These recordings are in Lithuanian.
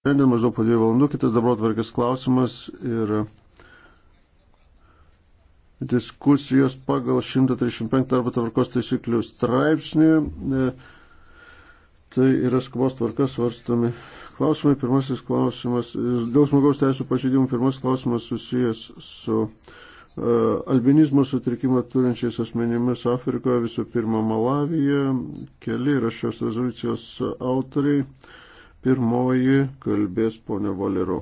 Šiandien maždaug po dviejų valandų kitas dabar atvarkės klausimas ir diskusijos pagal 135 darbo tvarkos taisyklių straipsnį. E, tai yra skubos tvarkas svarstami klausimai. Pirmasis klausimas dėl žmogaus teisų pažeidimų. Pirmasis klausimas susijęs su uh, albinizmo sutrikimą turinčiais asmenimis Afrikoje, visų pirma Malavijoje. Keli yra šios rezoliucijos autoriai. Uh, Pirmoji kalbės ponė Valero.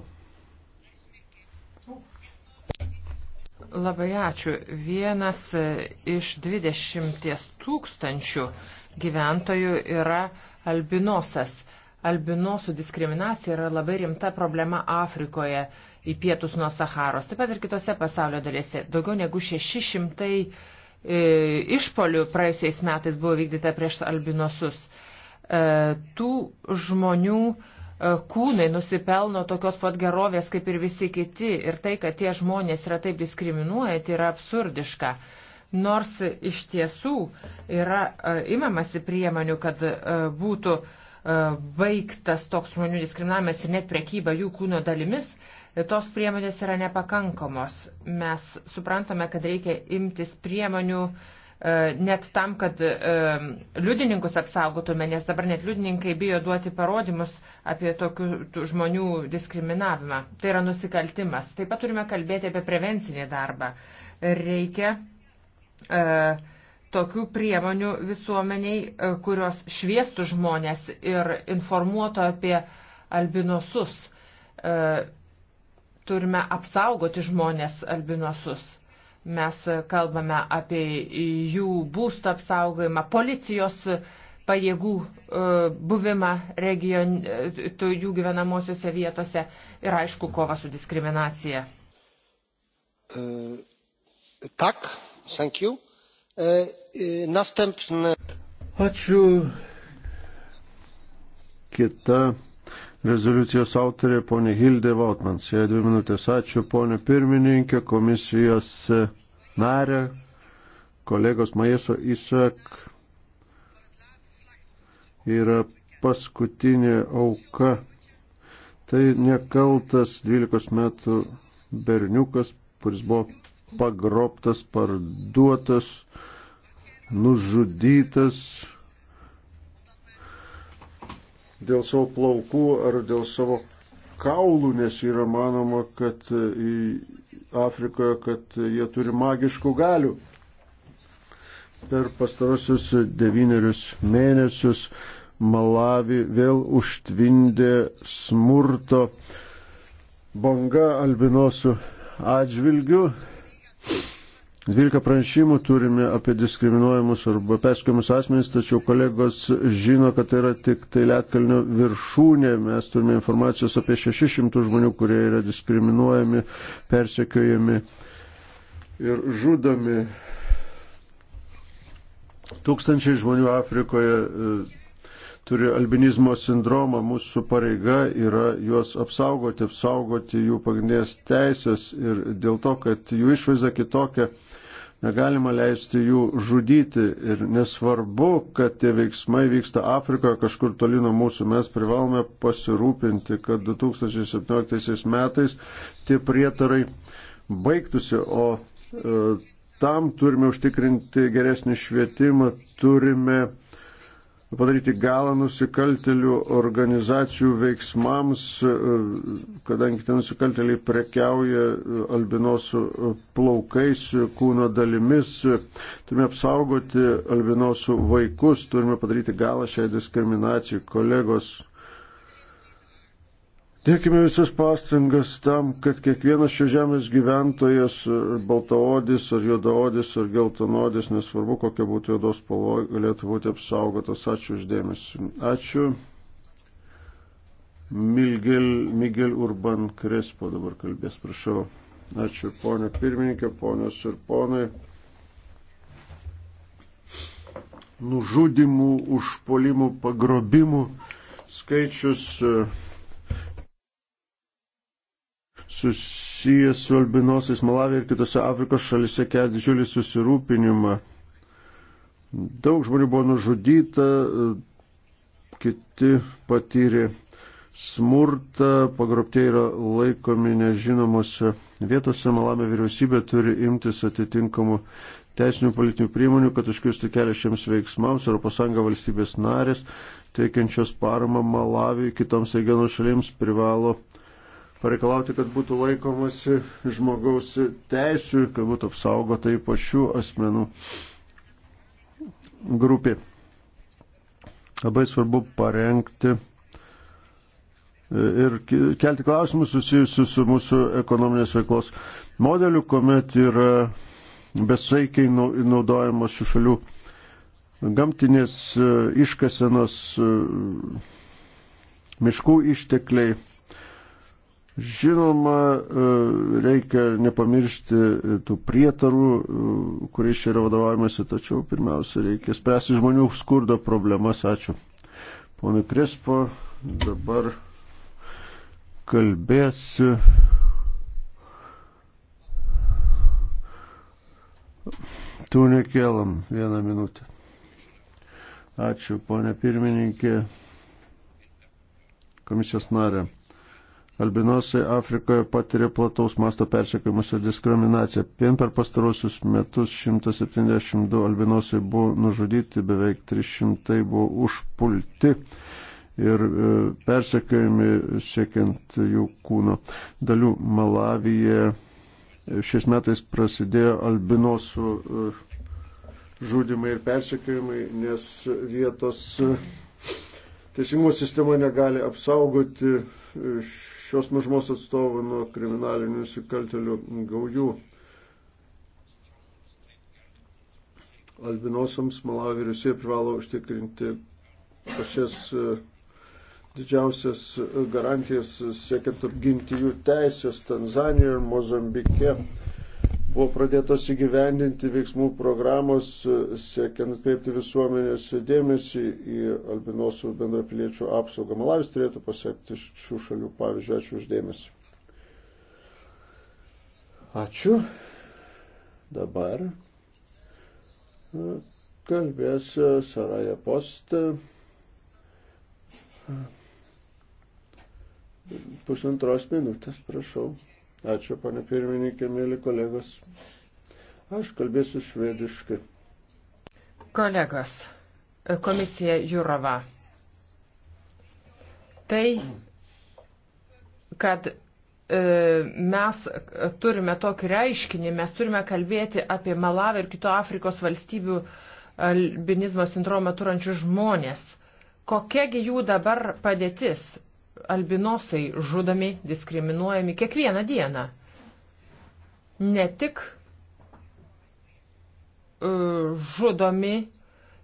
Labai ačiū. Vienas iš 20 tūkstančių gyventojų yra albinosas. Albinosų diskriminacija yra labai rimta problema Afrikoje į pietus nuo Saharos, taip pat ir kitose pasaulio dalyse. Daugiau negu 600 e, išpolių praėjusiais metais buvo vykdyta prieš albinosus. E, tų žmonių e, kūnai nusipelno tokios pat gerovės kaip ir visi kiti ir tai, kad tie žmonės yra taip diskriminuojami, tai yra absurdiška. Nors iš tiesų yra e, imamasi priemonių, kad būtų baigtas toks žmonių diskriminavimas ir net prekyba jų kūno dalimis, tos priemonės yra nepakankamos. Mes suprantame, kad reikia imtis priemonių uh, E, net tam, kad e, liudininkus apsaugotume, nes dabar net liudininkai bijo duoti parodymus apie tokių žmonių diskriminavimą. Tai yra nusikaltimas. Taip pat turime kalbėti apie prevencinį darbą. Reikia e, tokių priemonių visuomeniai, kurios šviestų žmonės ir informuotų apie albinosus. Turime apsaugoti žmonės albinosus Mes kalbame apie jų būsto apsaugojimą, policijos pajėgų e, buvimą region, e, jų gyvenamosiose vietose ir aišku kova su diskriminacija. E, tak, thank you. Następny. Ačiū. Kita rezoliucijos autorė ponė Hilde Vautmans. Jei dvi minutės ačiū ponė pirmininkė, komisijos narė, kolegos Majeso Isak yra paskutinė auka. Tai nekaltas 12 metų berniukas, kuris buvo pagroptas, parduotas, nužudytas dėl savo plaukų ar dėl savo kaulų, nes yra manoma, kad e, Afrikoje, kad jie turi magiškų galių. Per pastarosius devynerius mėnesius Malavi vėl užtvindė smurto banga albinosių atžvilgių. 12 pranešimų turime apie diskriminuojamus arba perskiojimus asmenys, tačiau kolegos žino, kad tai yra tik tai Lietkalnio viršūnė. Mes turime informacijos apie 600 žmonių, kurie yra diskriminuojami, persekiojami ir žudomi. Tūkstančiai žmonių Afrikoje e, turi albinizmo sindromą, mūsų pareiga yra juos apsaugoti, apsaugoti jų pagrindinės teisės ir dėl to, kad jų išvaizda kitokia, Negalima leisti jų žudyti ir nesvarbu, kad tie veiksmai vyksta Afrikoje kažkur toli nuo mūsų. Mes privalome pasirūpinti, kad 2017 metais tie prietarai baigtųsi, o e, tam turime užtikrinti geresnį švietimą, turime e, padaryti galą nusikaltelių organizacijų veiksmams, e, kadangi tie nusikalteliai prekiauja e, albinosų e, plaukais, kūno dalimis. Turime apsaugoti albinosų vaikus, turime padaryti galą šiai diskriminacijai. Kolegos, Dėkime visas pastangas tam, kad kiekvienas šio žemės gyventojas, baltaodis ar juodaodis ar geltonodis, nesvarbu kokia būtų juodos spalva, galėtų būti apsaugotas. Ačiū uždėmesi. Ačiū. Miguel, Miguel Urban Krespo dabar kalbės, prašau. Ačiū ponė pirmininkė, ponios ir ponai. Nužudimų, užpolimų, pagrobimų skaičius. Uh, susijęs su albinosiais Malavija ir kitose Afrikos šalise kelia didžiulį susirūpinimą. Daug žmonių buvo nužudyta, kiti patyrė smurtą, pagrobtieji yra laikomi nežinomose vietose. Malavio vyriausybė turi imtis atitinkamų teisinių politinių priemonių, kad užkirsti kelią šiems veiksmams. ES valstybės narės, teikiančios paramą Malaviui kitoms regiono šalims, privalo uh, pareikalauti, kad būtų laikomasi žmogaus teisų, kad būtų apsaugota ypač šių asmenų grupė. Labai svarbu parengti e, ir kelti klausimus susijusius su mūsų ekonominės veiklos modeliu, kuomet yra besaikiai naudojamos šių šalių gamtinės e, iškasenos, e, miškų ištekliai Žinoma, e, reikia nepamiršti e, tų prietarų, e, kuriais čia yra vadovaujamasi, tačiau pirmiausia, reikia spręsti žmonių skurdo problemas. Ačiū. Pone Krespo, dabar kalbėsiu. Tu nekėlam vieną minutę. Ačiū, ponė pirmininkė, komisijos narė. Albinosai Afrikoje patiria plataus masto persekiojimus ir diskriminaciją. Vien per pastarosius metus 172 albinosai buvo nužudyti, beveik 300 buvo užpulti ir e, persekiojami siekiant jų kūno dalių. Malavyje šiais metais prasidėjo albinosų e, žudimai ir persekiojimai, nes vietos e, teisingumo sistema negali apsaugoti iš šios mažumos atstovų nuo kriminalinių nusikaltelių gaujų. Albinosams Malavio vyriausybė privalo užtikrinti pačias e, didžiausias e, garantijas siekiant apginti jų teisės Tanzanijoje ir Mozambike. Buvo pradėtos įgyvendinti veiksmų programos, e, siekiant kreipti visuomenės dėmesį į albinosų bendrapiliečių apsaugą. Malavis turėtų pasiekti šių šalių pavyzdžių. Ačiū uždėmesį. Ačiū. Dabar e, kalbės e, Saraja Post. Pusantros minutės, prašau. Ačiū, pane pirmininkė, mėly kolegos. Aš kalbėsiu švediškai. Kolegos, komisija Jurova. Tai, kad e, mes turime tokį reiškinį, mes turime kalbėti apie Malavį ir kito Afrikos valstybių albinizmo sindromą turančių žmonės. Kokiagi jų dabar padėtis? albinosai žudomi, diskriminuojami kiekvieną dieną. Ne tik e, žudomi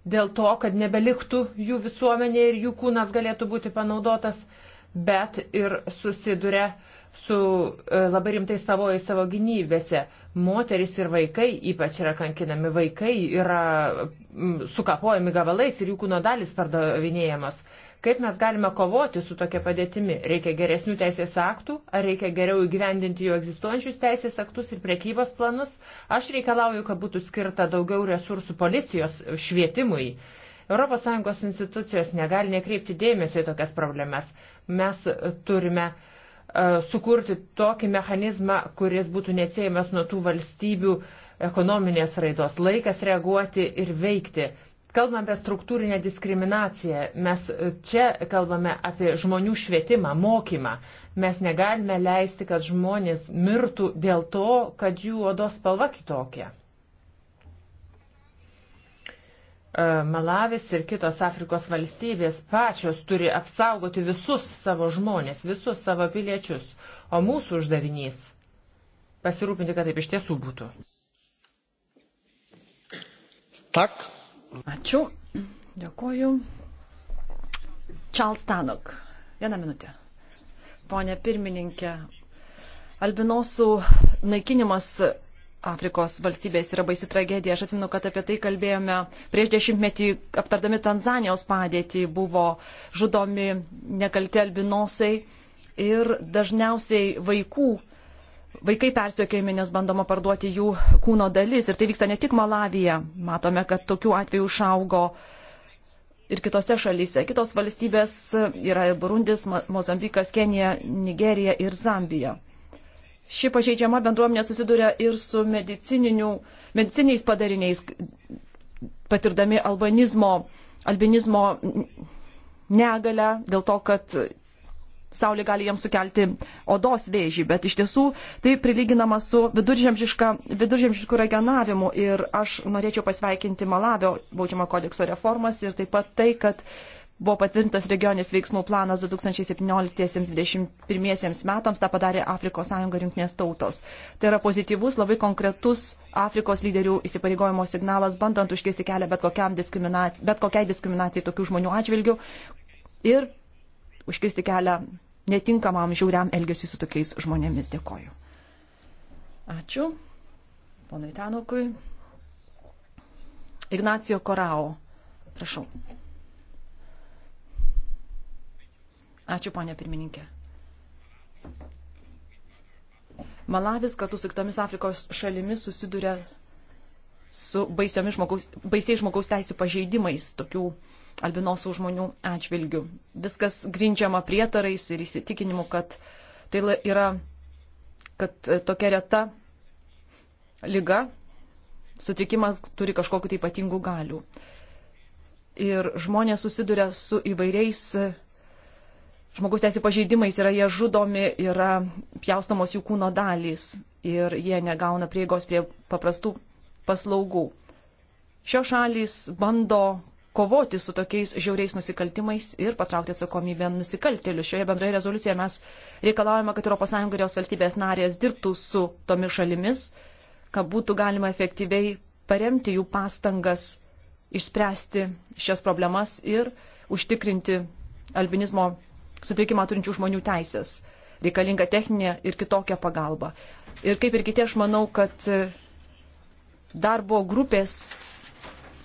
dėl to, kad nebeliktų jų visuomenė ir jų kūnas galėtų būti panaudotas, bet ir susiduria su e, labai rimtais pavojais savo gynybėse. Moteris ir vaikai, ypač yra kankinami vaikai, yra sukapojami gavalais ir jų kūno dalis pardavinėjamos. Kaip mes galime kovoti su tokia padėtimi? Reikia geresnių teisės aktų, ar reikia geriau įgyvendinti jau egzistuojančius teisės aktus ir priekybos planus? Aš reikalauju, kad būtų skirta daugiau resursų policijos švietimui. ES institucijos negali nekreipti dėmesio į tokias problemas. Mes turime uh, sukurti tokį mechanizmą, kuris būtų neatsiejamas nuo tų valstybių ekonominės raidos. Laikas reaguoti ir veikti. Kalbame apie struktūrinę diskriminaciją, mes e, čia kalbame apie žmonių švietimą, mokymą. Mes negalime leisti, kad žmonės mirtų dėl to, kad jų odos spalva kitokia. E, Malavis ir kitos Afrikos valstybės pačios turi apsaugoti visus savo žmonės, visus savo piliečius, o mūsų uždavinys - pasirūpinti, kad taip iš tiesų būtų. Tak Ačiū. Dėkuoju. Charles Tanok. Vieną minutę. Pone pirmininkė, albinosų naikinimas Afrikos valstybės yra baisi tragedija. Aš atsimenu, kad apie tai kalbėjome prieš dešimtmetį, aptardami Tanzanijos padėtį, buvo žudomi nekalti albinosai ir dažniausiai vaikų Vaikai persiekėjami, nes bandoma parduoti jų kūno dalis. Ir tai vyksta ne tik Malavija. Matome, kad tokių atvejų išaugo ir kitose šalyse. Kitos valstybės yra Burundis, Mozambikas, Kenija, Nigerija ir Zambija. Ši pažeidžiama bendruomenė susiduria ir su medicininiais padariniais, patirdami albanizmo, albinizmo negalę, dėl to, kad saulė gali jiems sukelti odos vėžį, bet iš tiesų tai prilyginama su viduržemžišku regenavimu ir aš norėčiau pasveikinti Malavio baudžiamo kodekso reformas ir taip pat tai, kad buvo patvirtintas regioninis veiksmų planas 2017-2021 metams, tą padarė Afrikos sąjunga ir jungtinės tautos. Tai yra pozityvus, labai konkretus Afrikos lyderių įsipareigojimo signalas, bandant užkesti kelią bet, diskriminacijai, bet kokiai diskriminacijai tokių žmonių atžvilgių ir užkirsti kelią netinkamam žiauriam elgesiu su tokiais žmonėmis. Dėkoju. Ačiū. Ponui Tanukui. Ignacio Korao. Prašau. Ačiū, ponė pirmininkė. Malavis kartu su kitomis Afrikos šalimis susiduria su žmogaus, baisiais žmogaus teisų pažeidimais tokių albinosų žmonių atžvilgių. Viskas grindžiama prietarais ir įsitikinimu, kad tai yra, kad e, tokia reta lyga, sutikimas turi kažkokiu tai ypatingų galių. Ir žmonės susiduria su įvairiais e, žmogaus teisų pažeidimais, yra jie žudomi, yra pjaustomos jų kūno dalys ir jie negauna prieigos prie paprastų paslaugų. Šios šalys bando kovoti su tokiais žiauriais nusikaltimais ir patraukti atsakomybę nusikaltėlius. Šioje bendroje rezoliucijoje mes reikalavome, kad ES ir jos valstybės narės dirbtų su tomis šalimis, kad būtų galima efektyviai paremti jų pastangas išspręsti šias problemas ir užtikrinti albinizmo sutrikimą turinčių žmonių teisės. Reikalinga techninė ir kitokia pagalba. Ir kaip ir kiti, aš manau, kad darbo grupės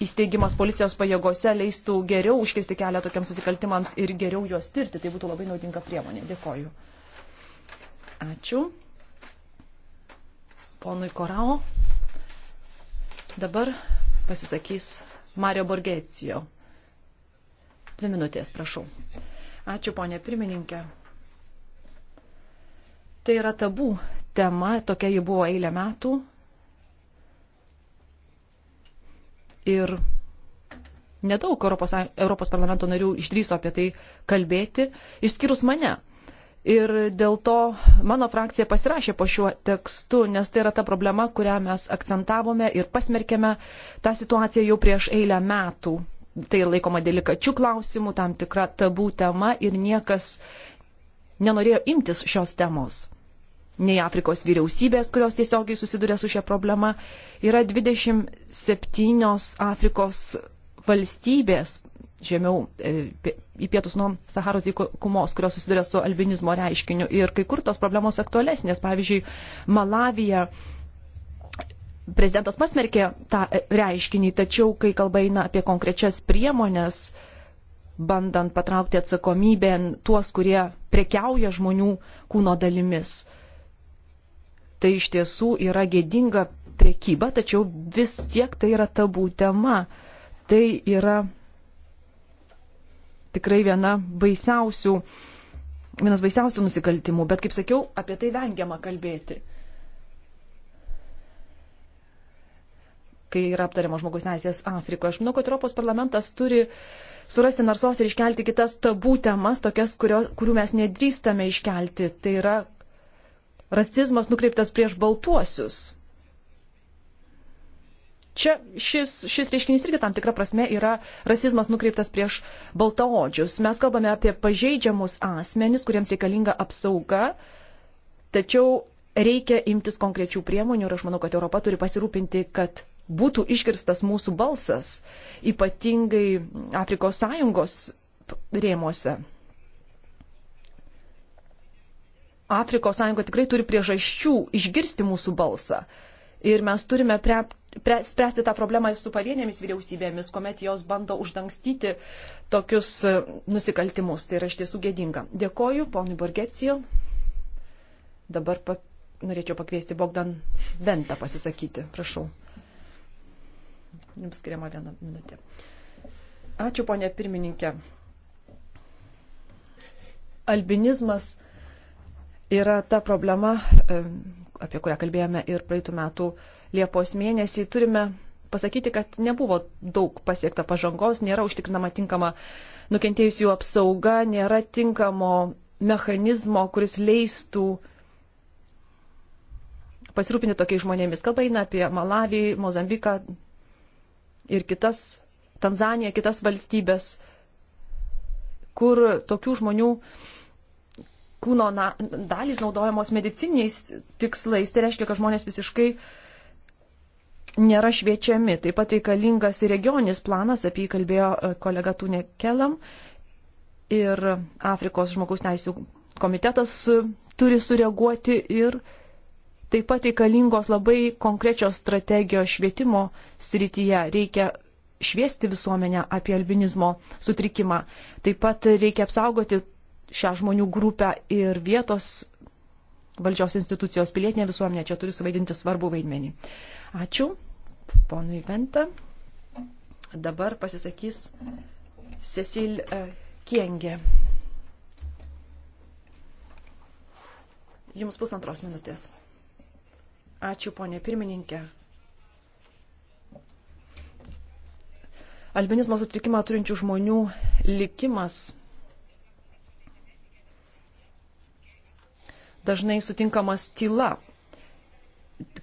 įsteigimas policijos pajėgose leistų geriau užkisti kelią tokiams susikaltimams ir geriau juos tirti. Tai būtų labai naudinga priemonė. Dėkoju. Ačiū. Ponui Korao. Dabar pasisakys Mario Borgecijo. Dvi minutės, prašau. Ačiū, ponė pirmininkė. Tai yra tabų tema, tokia ji buvo eilę metų ir nedaug Europos, Europos parlamento narių išdryso apie tai kalbėti, išskyrus mane. Ir dėl to mano frakcija pasirašė po šiuo tekstu, nes tai yra ta problema, kurią mes akcentavome ir pasmerkėme tą situaciją jau prieš eilę metų. Tai laikoma delikačių klausimų, tam tikra tabų tema ir niekas nenorėjo imtis šios temos nei Afrikos vyriausybės, kurios tiesiogiai susiduria su šia problema. Yra 27 Afrikos valstybės žemiau e, į pietus nuo Saharos dykumos, kurios susiduria su albinizmo reiškiniu. Ir kai kur tos problemos aktualesnės, pavyzdžiui, Malavija. Prezidentas pasmerkė tą e, reiškinį, tačiau kai kalba eina apie konkrečias priemonės, bandant patraukti atsakomybę tuos, kurie prekiauja žmonių kūno dalimis tai iš tiesų yra gėdinga priekyba, tačiau vis tiek tai yra tabų tema. Tai yra tikrai viena baisiausių, vienas baisiausių nusikaltimų, bet kaip sakiau, apie tai vengiama kalbėti. kai yra aptariama žmogus teisės Afrikoje. Aš manau, kad Europos parlamentas turi surasti narsos ir iškelti kitas tabų temas, tokias, kurio, kurių mes nedrįstame iškelti. Tai yra rasizmas nukreiptas prieš baltuosius. Čia šis, šis reiškinys irgi tam tikra prasme yra rasizmas nukreiptas prieš baltaodžius. Mes kalbame apie pažeidžiamus asmenis, kuriems reikalinga apsauga, tačiau reikia imtis konkrečių priemonių ir aš manau, kad Europa turi pasirūpinti, kad būtų iškirstas mūsų balsas, ypatingai Afrikos sąjungos rėmuose. Afrikos sąjunga tikrai turi priežasčių išgirsti mūsų balsą. Ir mes turime pre, pre, spręsti tą problemą su pavienėmis vyriausybėmis, kuomet jos bando uždangstyti tokius e, nusikaltimus. Tai yra iš tiesų gėdinga. Dėkoju, ponui Borgecijo. Dabar pak, norėčiau pakviesti Bogdan Ventą pasisakyti. Prašau. Jums skiriama viena minutė. Ačiū, ponė pirmininkė. Albinizmas yra ta problema, e, apie kurią kalbėjome ir praeitų metų Liepos mėnesį. Turime pasakyti, kad nebuvo daug pasiekta pažangos, nėra užtikrinama tinkama nukentėjusių apsauga, nėra tinkamo mechanizmo, kuris leistų pasirūpinti tokiais žmonėmis. Kalba eina apie Malavį, Mozambiką ir kitas, Tanzaniją, kitas valstybės, kur tokių žmonių uh, kūno na, dalys naudojamos mediciniais tikslais, tai reiškia, kad žmonės visiškai nėra šviečiami. Taip pat reikalingas ir regioninis planas, apie jį kalbėjo e, kolega Tūne Kelam ir Afrikos žmogaus teisų komitetas e, turi sureaguoti ir taip pat reikalingos labai konkrečios strategijos švietimo srityje. Reikia šviesti visuomenę apie albinizmo sutrikimą. Taip pat reikia apsaugoti šią žmonių grupę ir vietos valdžios institucijos pilietinė visuomenė čia turi suvaidinti svarbų vaidmenį. Ačiū, ponui Venta. Dabar pasisakys Cecil e, Kiengė. Jums pusantros minutės. Ačiū, ponė pirmininkė. Albinizmo sutrikimą turinčių žmonių likimas dažnai sutinkamas tyla.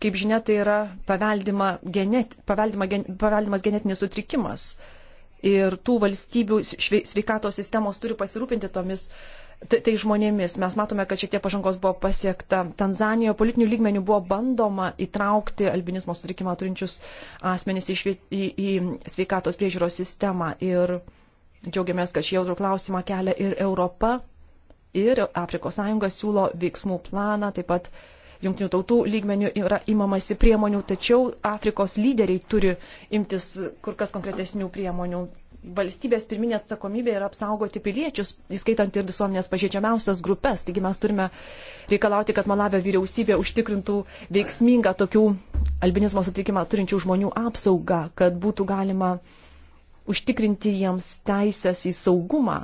Kaip žinia, tai yra paveldima genet, paveldima gen, paveldimas genetinis sutrikimas. Ir tų valstybių sveikatos sistemos turi pasirūpinti tomis tai žmonėmis. Mes matome, kad šiek tiek pažangos buvo pasiekta. Tanzanijoje politinių lygmenių buvo bandoma įtraukti albinizmo sutrikimą turinčius asmenys į, į, į sveikatos priežiūros sistemą. Ir džiaugiamės, kad šį jautrų klausimą kelia ir Europa ir Afrikos Sąjunga siūlo veiksmų planą, taip pat jungtinių tautų lygmenių yra imamasi priemonių, tačiau Afrikos lyderiai turi imtis kur kas konkretesnių priemonių. Valstybės pirminė atsakomybė yra apsaugoti piliečius, įskaitant ir visuomenės pažeidžiamiausias grupės. Taigi mes turime reikalauti, kad Malavio vyriausybė užtikrintų veiksmingą tokių albinizmo sutrikimą turinčių žmonių apsaugą, kad būtų galima užtikrinti jiems teisės į saugumą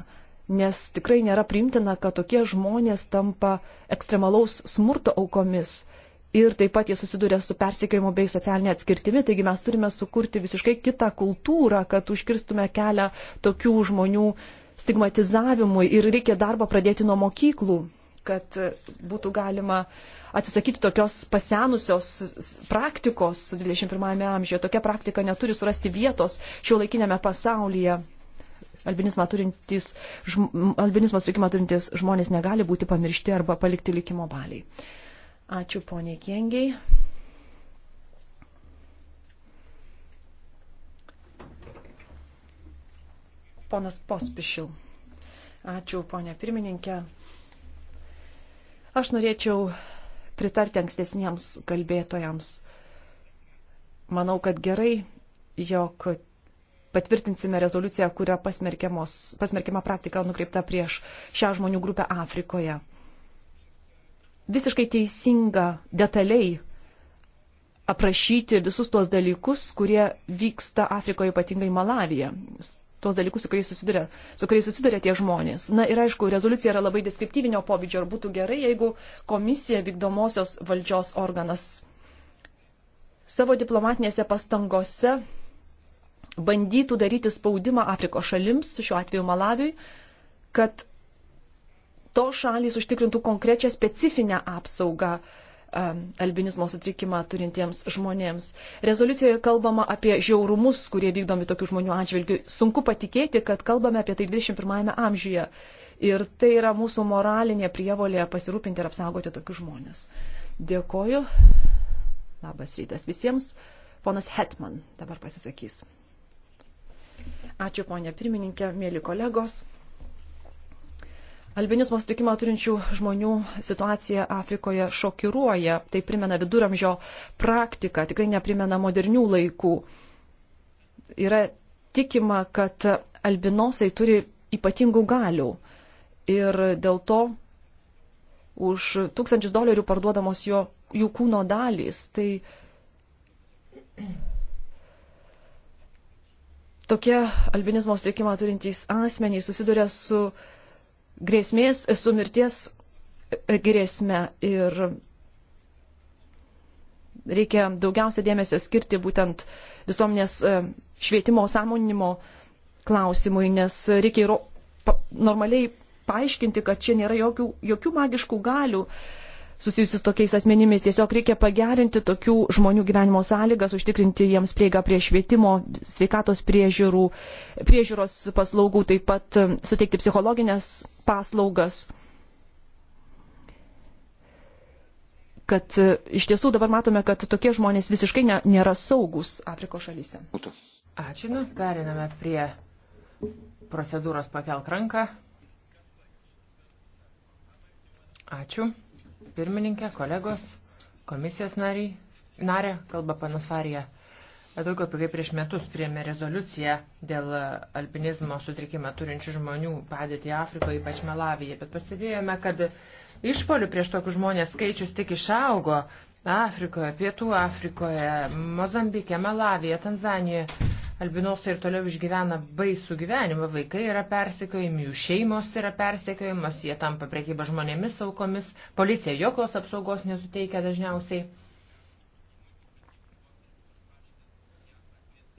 nes tikrai nėra primtina, kad tokie žmonės tampa ekstremalaus smurto aukomis ir taip pat jie susiduria su persikėjimu bei socialinė atskirtimi, taigi mes turime sukurti visiškai kitą kultūrą, kad užkirstume kelią tokių žmonių stigmatizavimui ir reikia darbą pradėti nuo mokyklų, kad būtų galima atsisakyti tokios pasenusios praktikos 21-ame amžiuje. Tokia praktika neturi surasti vietos šio laikinėme pasaulyje albinizmą turintys, žm, albinizmą sutrikimą turintys žmonės negali būti pamiršti arba palikti likimo valiai. Ačiū poniai Kengiai. Ponas Pospišil. Ačiū, ponė pirmininkė. Aš norėčiau pritarti ankstesniems kalbėtojams. Manau, kad gerai, jog patvirtinsime rezoliuciją, kuria pasmerkiama praktika nukreipta prieš šią žmonių grupę Afrikoje. Visiškai teisinga detaliai aprašyti visus tuos dalykus, kurie vyksta Afrikoje, ypatingai Malavija tuos dalykus, su kuriais susiduria, su kuriais susiduria tie žmonės. Na ir aišku, rezoliucija yra labai deskriptyvinio pobūdžio ir būtų gerai, jeigu komisija vykdomosios valdžios organas savo diplomatinėse pastangose bandytų daryti spaudimą Afrikos šalims, šiuo atveju Malaviui, kad tos šalys užtikrintų konkrečią specifinę apsaugą um, albinizmo sutrikimą turintiems žmonėms. Rezoliucijoje kalbama apie žiaurumus, kurie vykdomi tokių žmonių atžvilgių. Sunku patikėti, kad kalbame apie tai 21 amžiuje. Ir tai yra mūsų moralinė prievolė pasirūpinti ir apsaugoti tokius žmonės. Dėkoju. Labas rytas visiems. Ponas Hetman dabar pasisakys. Ačiū, ponė pirmininkė, mėly kolegos. Albinizmo sutrikimą turinčių žmonių situacija Afrikoje šokiruoja. Tai primena viduramžio praktiką, tikrai neprimena modernių laikų. Yra tikima, kad albinosai turi ypatingų galių ir dėl to už tūkstančius dolerių parduodamos jo, jų kūno dalys. Tai tokie albinizmo sutrikimą turintys asmenys susiduria su grėsmės, su mirties e, grėsme ir reikia daugiausia dėmesio skirti būtent visuomenės e, švietimo, sąmoninimo klausimui, nes reikia normaliai paaiškinti, kad čia nėra jokių, jokių magiškų galių, susijusius tokiais asmenimis. Tiesiog reikia pagerinti tokių žmonių gyvenimo sąlygas, užtikrinti jiems prieigą prie švietimo, sveikatos priežiūrų, priežiūros paslaugų, taip pat um, suteikti psichologinės paslaugas. Kad uh, iš tiesų dabar matome, kad tokie žmonės visiškai ne, nėra saugus Afrikos šalyse. Ačiū, nu, periname prie procedūros pakelk ranką. Ačiū pirmininkė, kolegos, komisijos nariai, narė, kalba panas Farija. Daugiau kaip prieš metus priėmė rezoliuciją dėl alpinizmo sutrikimą turinčių žmonių padėti Afrikoje, ypač Malavyje, bet pastebėjome, kad išpolių prieš tokius žmonės skaičius tik išaugo Afrikoje, Pietų Afrikoje, Mozambike, Malavyje, Tanzanijoje. Albinosai ir toliau išgyvena baisų gyvenimą. Vaikai yra persekiojami, jų šeimos yra persekiojamas, jie tampa priekyba žmonėmis aukomis. Policija jokios apsaugos nesuteikia dažniausiai.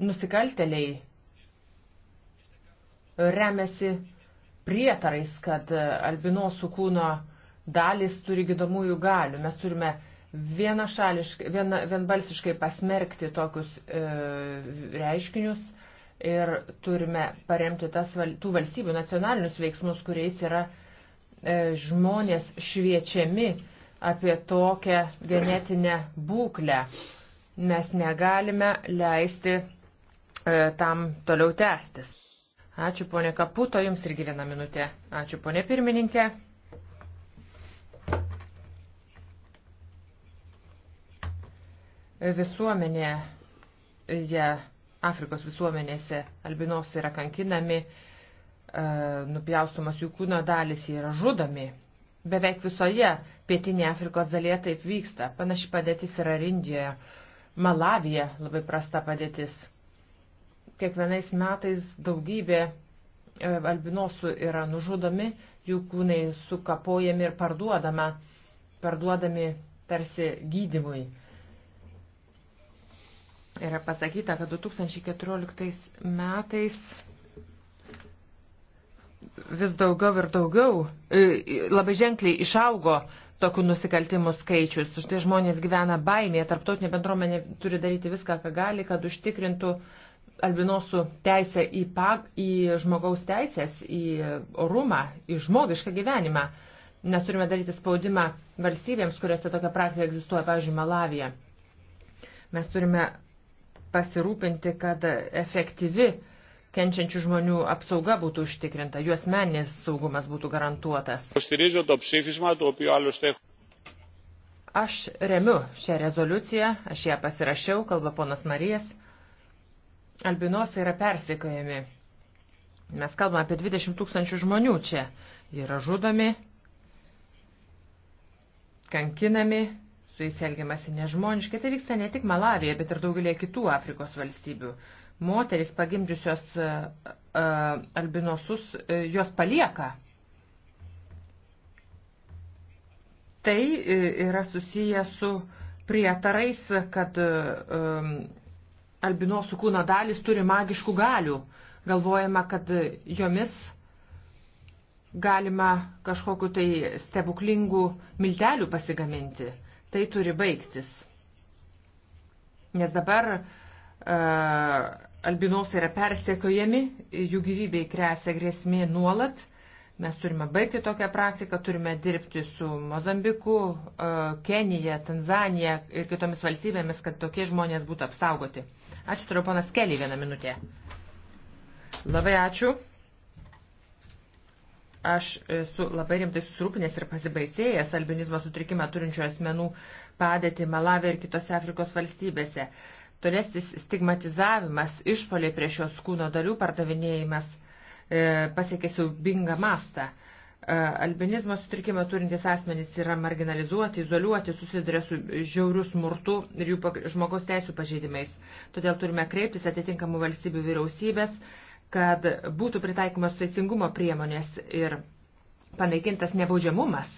Nusikalteliai remiasi prietarais, kad albinosų kūno dalis turi gydomųjų galių. Mes turime vienašališkai, viena, vienbalsiškai pasmerkti tokius e, reiškinius ir turime paremti tas, tų valstybių nacionalinius veiksmus, kuriais yra e, žmonės šviečiami apie tokią genetinę būklę. Mes negalime leisti e, tam toliau tęstis. Ačiū ponė Kaputo, jums irgi viena minutė. Ačiū ponė pirmininkė. visuomenėje, Afrikos visuomenėse albinosai yra kankinami, e, nupjaustomas jų kūno dalis, jie yra žudomi. Beveik visoje pietinėje Afrikos dalyje taip vyksta. Panaši padėtis yra ir Indijoje. Malavija labai prasta padėtis. Kiekvienais metais daugybė e, albinosų yra nužudomi, jų kūnai sukapojami ir parduodama, parduodami tarsi gydimui yra pasakyta, kad 2014 metais vis daugiau ir daugiau, e, e, labai ženkliai išaugo tokių nusikaltimų skaičius. Štai žmonės gyvena baimėje, tarptautinė bendruomenė turi daryti viską, ką gali, kad užtikrintų albinosų teisę į, pag, į žmogaus teisės, į orumą, į žmogišką gyvenimą. Nes turime daryti spaudimą valstybėms, kuriuose tokia praktika egzistuoja, pavyzdžiui, Malavija. Mes turime pasirūpinti, kad efektyvi kenčiančių žmonių apsauga būtų užtikrinta, juos meninės saugumas būtų garantuotas. Aš remiu šią rezoliuciją, aš ją pasirašiau, kalba ponas Marijas. Albinosai yra persikojami. Mes kalbame apie 20 tūkstančių žmonių čia. Jie yra žudomi, kankinami, su jais elgiamasi nežmoniškai. Tai vyksta ne tik Malavija, bet ir daugelį kitų Afrikos valstybių. Moteris pagimdžiusios uh, albinosus uh, e, juos palieka. Tai uh, yra susiję su prietarais, kad uh, albinosų kūno dalis turi magiškų galių. Galvojama, kad jomis galima kažkokiu tai stebuklingų miltelių pasigaminti. Tai turi baigtis. Nes dabar uh, albinosai yra persiekojami, jų gyvybei grėsia grėsmė nuolat. Mes turime baigti tokią praktiką, turime dirbti su Mozambiku, uh, Kenija, Tanzanija ir kitomis valstybėmis, kad tokie žmonės būtų apsaugoti. Ačiū, turiu ponas Kelį vieną minutę. Labai ačiū. Aš esu labai rimtai susirūpinęs ir pasibaisėjęs albinizmo sutrikimą turinčių asmenų padėti Malavė ir kitose Afrikos valstybėse. Tolesnis stigmatizavimas, išpoliai prieš šios kūno dalių pardavinėjimas e, pasiekė siaubingą mastą. E, albinizmo sutrikimą turintys asmenys yra marginalizuoti, izoliuoti, susiduria su žiauriu smurtu ir jų žmogaus teisų pažeidimais. Todėl turime kreiptis atitinkamų valstybių vyriausybės kad būtų pritaikomas teisingumo priemonės ir panaikintas nebaudžiamumas,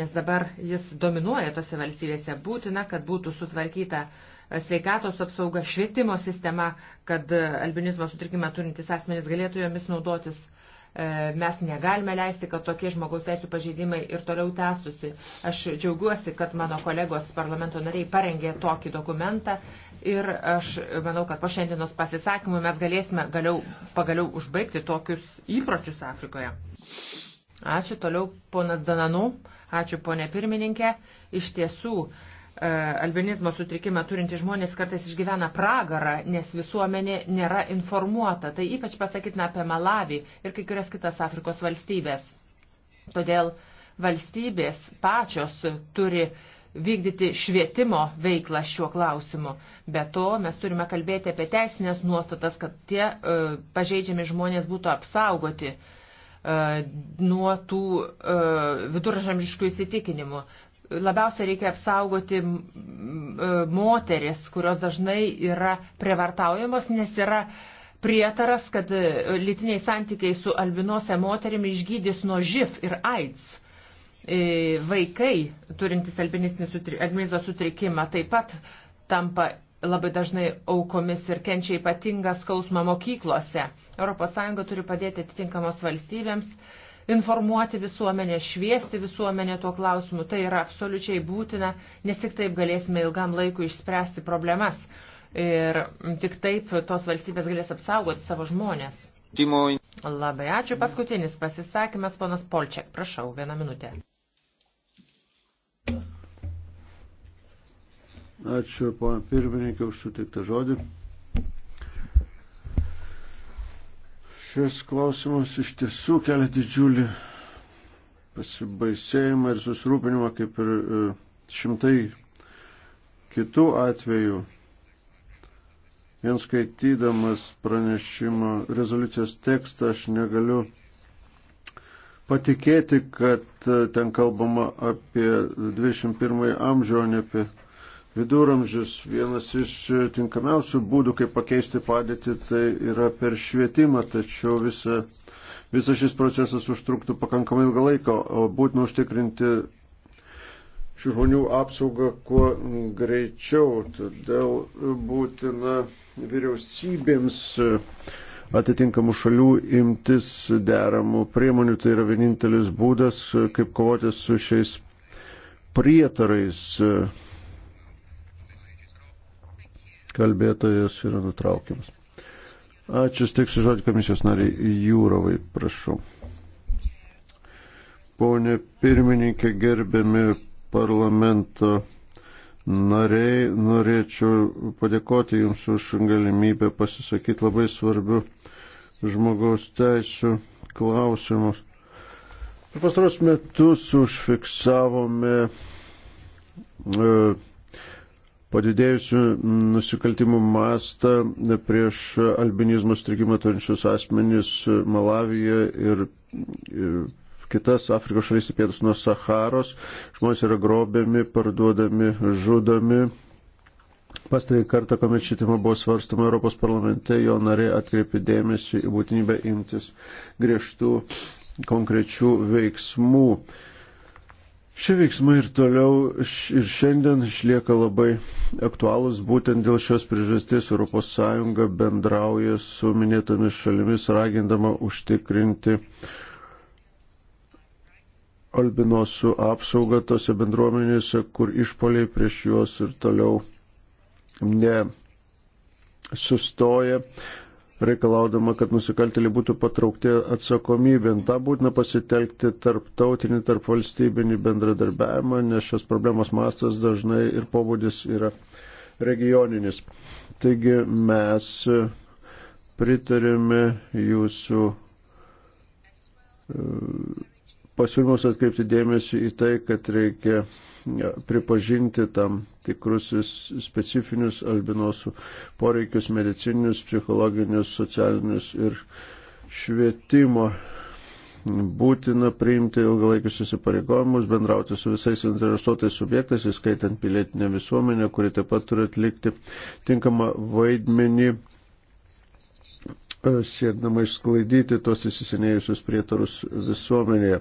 nes dabar jis dominuoja tose valstybėse. Būtina, kad būtų sutvarkyta e, sveikatos apsauga, švietimo sistema, kad e, albinizmo sutrikimą turintys asmenys galėtų jomis naudotis E, mes negalime leisti, kad tokie žmogaus teisų pažeidimai ir toliau tęstusi. Aš džiaugiuosi, kad mano kolegos parlamento nariai parengė tokį dokumentą ir aš manau, kad po šiandienos pasisakymų mes galėsime galiau, pagaliau užbaigti tokius įpročius Afrikoje. Ačiū toliau, ponas Dananu, ačiū ponė pirmininkė. Iš tiesų, E, albinizmo sutrikimą turintys žmonės kartais išgyvena pragarą, nes visuomenė nėra informuota. Tai ypač pasakytina apie Malavį ir kai kurias kitas Afrikos valstybės. Todėl valstybės pačios turi vykdyti švietimo veiklą šiuo klausimu. Be to, mes turime kalbėti apie teisinės nuostatas, kad tie uh, pažeidžiami žmonės būtų apsaugoti e, nuo tų uh, viduržamžiškų įsitikinimų labiausiai reikia apsaugoti moteris, kurios dažnai yra prievartaujamos, nes yra prietaras, kad e, lytiniai santykiai su albinuose moterimi išgydys nuo živ ir AIDS. E, vaikai, turintys albinizmo sutrikimą, taip pat tampa labai dažnai aukomis ir kenčia ypatingą skausmą mokyklose. ES turi padėti atitinkamos valstybėms informuoti visuomenę, šviesti visuomenę tuo klausimu. Tai yra absoliučiai būtina, nes tik taip galėsime ilgam laikui išspręsti problemas. Ir tik taip tos valstybės galės apsaugoti savo žmonės. Timoj. Labai ačiū. Paskutinis pasisakymas, ponas Polčiak. Prašau, vieną minutę. Ačiū, pana pirmininkė, už sutiktą žodį. Šis klausimas iš tiesų kelia didžiulį pasibaisėjimą ir susirūpinimą, kaip ir e, šimtai kitų atvejų. Vien skaitydamas pranešimo rezoliucijos tekstą aš negaliu patikėti, kad e, ten kalbama apie 21 amžių, o ne apie viduramžius. Vienas iš tinkamiausių būdų, kaip pakeisti padėtį, tai yra per švietimą, tačiau visa, visa šis procesas užtruktų pakankamai ilgą laiką, o būtina užtikrinti šių žmonių apsaugą kuo greičiau. Todėl būtina vyriausybėms atitinkamų šalių imtis deramų priemonių. Tai yra vienintelis būdas, kaip kovoti su šiais prietarais kalbėtojas yra nutraukiamas. Ačiū, steiksiu žodį komisijos nariai Jūrovai, prašau. Pone pirmininkė, gerbiami parlamento nariai, norėčiau padėkoti Jums už galimybę pasisakyti labai svarbių žmogaus teisų klausimus. Per pastaros metus užfiksavome e, padidėjusių nusikaltimų mastą prieš albinizmo strigimą turinčius asmenys Malavijoje ir, ir kitas Afrikos šalis į pietus nuo Saharos. Žmonės yra grobiami, parduodami, žudomi. Pastarį kartą, kuomet ši tema buvo svarstama Europos parlamente, jo nariai atkreipė dėmesį į būtinybę imtis griežtų konkrečių veiksmų. Uh, Šie veiksmai ir toliau ir šiandien išlieka labai aktualūs. Būtent dėl šios priežasties ES bendrauja su minėtomis šalimis, ragindama užtikrinti albinosų apsaugą tose bendruomenėse, kur išpoliai prieš juos ir toliau nesustoja reikalaudama, kad nusikaltėliai būtų patraukti atsakomybėn. Ta būtina pasitelkti tarptautinį, tarpvalstybinį bendradarbiavimą, nes šios problemos mastas dažnai ir pobūdis yra regioninis. Taigi mes pritarėme jūsų pasiūlymus atkreipti dėmesį į tai, kad reikia pripažinti tam tikrus specifinius albinosų poreikius medicininius, psichologinius, socialinius ir švietimo. Būtina priimti ilgalaikius įsipareigojimus, bendrauti su visais interesuotais subjektais, įskaitant pilietinę visuomenę, kuri taip pat turi atlikti tinkamą vaidmenį siekdama išsklaidyti tos įsisenėjusius prietarus visuomenėje.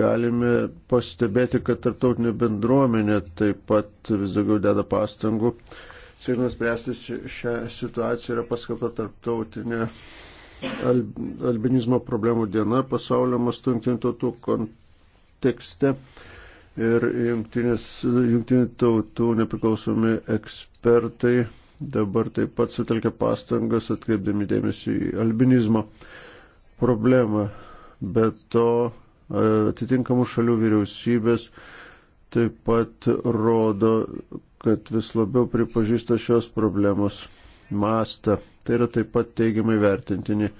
Galime pastebėti, kad tarptautinė bendruomenė taip pat vis daugiau deda pastangų. Siekdamas spręsti šią situaciją yra paskelbta tarptautinė albinizmo problemų diena pasaulio mastu jungtinių tautų kontekste ir jungtinių tautų nepriklausomi ekspertai dabar taip pat sutelkia pastangas atkreipdami dėmesį į albinizmo problemą. Be to e, atitinkamų šalių vyriausybės taip pat rodo, kad vis labiau pripažįsta šios problemos mastą. Tai yra taip pat teigiamai vertintini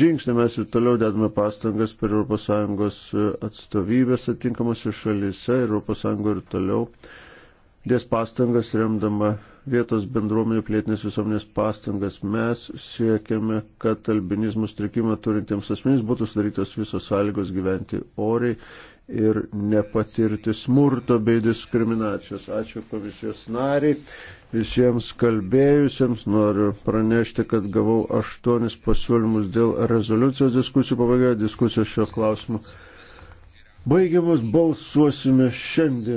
žingsnė. Mes ir toliau dedame pastangas per ES atstovybės atinkamose šalyse ir ES ir toliau uh, dės pastangas remdama vietos bendruomenių plėtinės visuomenės pastangas. Mes siekiame, kad albinizmų strikimą turintiems asmenys būtų sudarytos visos sąlygos gyventi oriai ir nepatirti smurto bei diskriminacijos. Ačiū komisijos nariai. Visiems kalbėjusiems noriu pranešti, kad gavau aštuonis pasiūlymus dėl rezoliucijos diskusijų pabaigoje. Diskusijos šio klausimu baigiamus balsuosime šiandien.